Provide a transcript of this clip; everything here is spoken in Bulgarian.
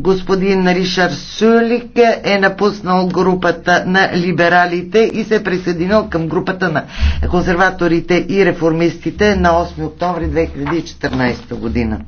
Господин Ришар Сюлик е напуснал групата на либералите и се е присъединил към групата на консерваторите и реформистите на 8 октомври 2014 година.